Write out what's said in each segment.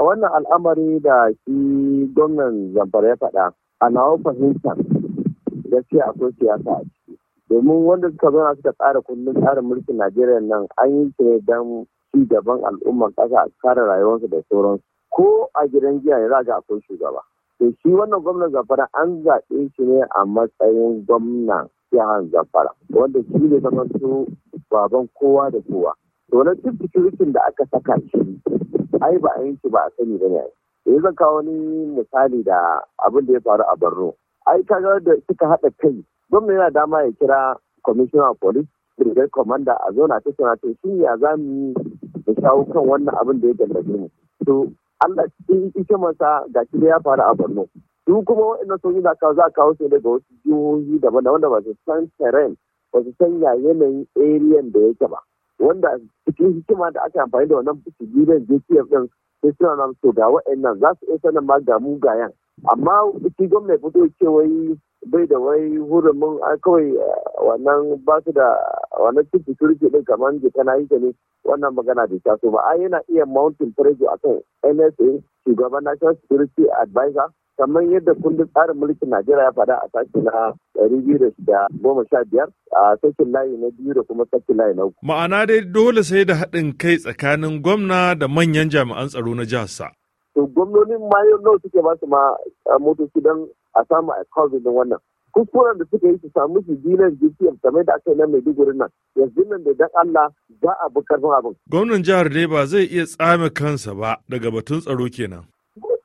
a wannan al'amari da shi gwamnan zamfara ya faɗa a nawa fahimtar gaskiya akwai siyasa a ciki domin wanda suka zauna suka tsara kundin tsarin mulkin najeriya nan an yi shi ne don ci gaban al'ummar ƙasa a kare rayuwarsu da sauransu ko a gidan jiya ne za ga akwai shugaba to shi wannan gwamnan zamfara an zaɓe shi ne a matsayin gwamnan jihar zamfara wanda shi ne su baban kowa da kowa to na cikin da aka saka shi ai ba a yanki ba a sani ba ne yanzu zan kawo wani misali da abin da ya faru a borno ai kaga da suka haɗa kai gwamna yana dama ya kira commissioner police brigade commander a zona ta suna ta shi ya za mu yi shawo kan wannan abin da ya gallabe mu to Allah cikin masa ga shi da ya faru a barno. Duk kuma waɗannan sojoji da za a kawo su daga wasu jihohi daban-daban da ba su san terrain ba su san ya yanayin area da yake ba wanda cikin hikima da aka amfani da wannan bigiren jtf din sai suna nan so ga wa'annan za su iya sanin ma ga yan amma shi gwamna fito ce wai bai da wai hurumin kawai eh, wannan ba su da wannan cikin security din kamar da na yake ne wannan magana da so ba a yana iya mountain pressure akan nsa shugaban national security advisor kamar yadda kundin tsarin mulkin Najeriya ya faɗa a sashi na ɗari biyu da goma sha biyar a sakin layi na biyu da kuma sakin layi na uku. Ma'ana dai dole sai da haɗin kai tsakanin gwamna da manyan jami'an tsaro na jihar sa. To gwamnonin ma yau suke ba su ma motoci don a samu a wannan. kuskuren da suka yi su samu su dinan GPM kamar da aka yi na Maiduguri nan yanzu nan da dan Allah za a bi karfin abin. Gwamnan jihar dai ba zai iya tsame kansa ba daga batun tsaro kenan.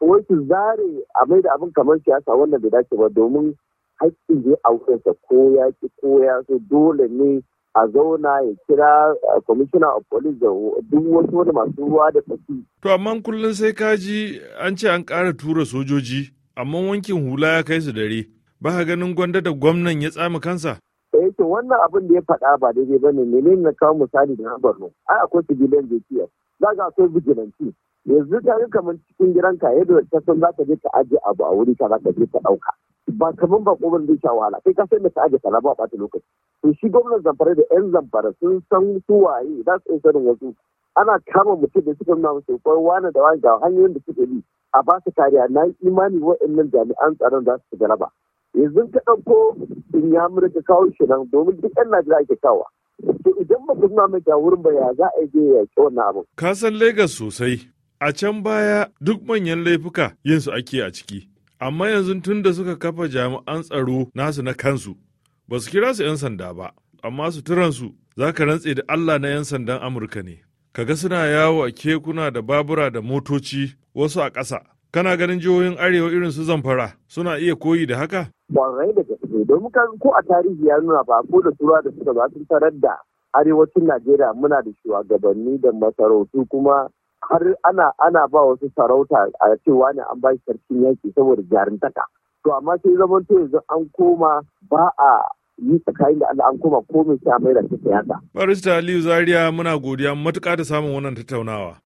wai su zare a mai da abin kamar siyasa wannan da dace ba domin haƙƙin ne a wurinsa ko ya ki ko ya so dole ne a zauna ya kira commissioner of police da duk wasu wani masu ruwa da tsaki. To amma kullum sai ka ji an ce an ƙara tura sojoji amma wankin hula ya kai su dare ba ka ganin gwanda da gwamnan ya tsami kansa. Da eh, yake wannan abin da ya faɗa ba daidai ba ne menene na kawo misali da na barno ai akwai civilian jikiyar za ga akwai vigilanti yanzu ta yi kamar cikin ka, yadda ta san za ka je ka ajiye abu a wuri ka za ka je ka ɗauka ba kamar ba ko zai sha wahala kai ka sai da ka ajiye kaza ba ɓata lokaci to shi gwamnan zamfara da yan zamfara sun san su waye za su iya sanin wasu ana kama mutum da suka nuna musu ko wani da wani ga hanyoyin da suke bi a ba su kariya na yi imani wa'annan jami'an tsaron za su galaba yanzu ka ɗauko in ya ka kawo shi nan domin duk yan najeriya ake kawo to idan ba ku nuna mai wurin ba ya za a je ya ci wannan abu. ka san Legas sosai a can baya duk manyan laifuka yin su ake a ciki amma yanzu tun da suka kafa jami'an tsaro nasu na kansu ba su kira su 'yan sanda ba amma suturansu za ka rantse da allah na 'yan sandan amurka ne Ka ga suna yawo a kekuna da babura da motoci wasu a ƙasa kana ganin jihohin arewa irin su zamfara suna iya koyi da haka domin ko a tarihi ya nuna ba ko da tura da suka ba sun da arewacin najeriya muna da shugabanni da masarautu kuma har ana ana ba wasu sarauta a cewa ne an ba shi sarkin yaki saboda taka to amma sai zaman to yanzu an koma ba a yi tsakanin da Allah an koma komai sai a mai ta siyasa barista Aliyu Zaria muna godiya matuƙa da samun wannan tattaunawa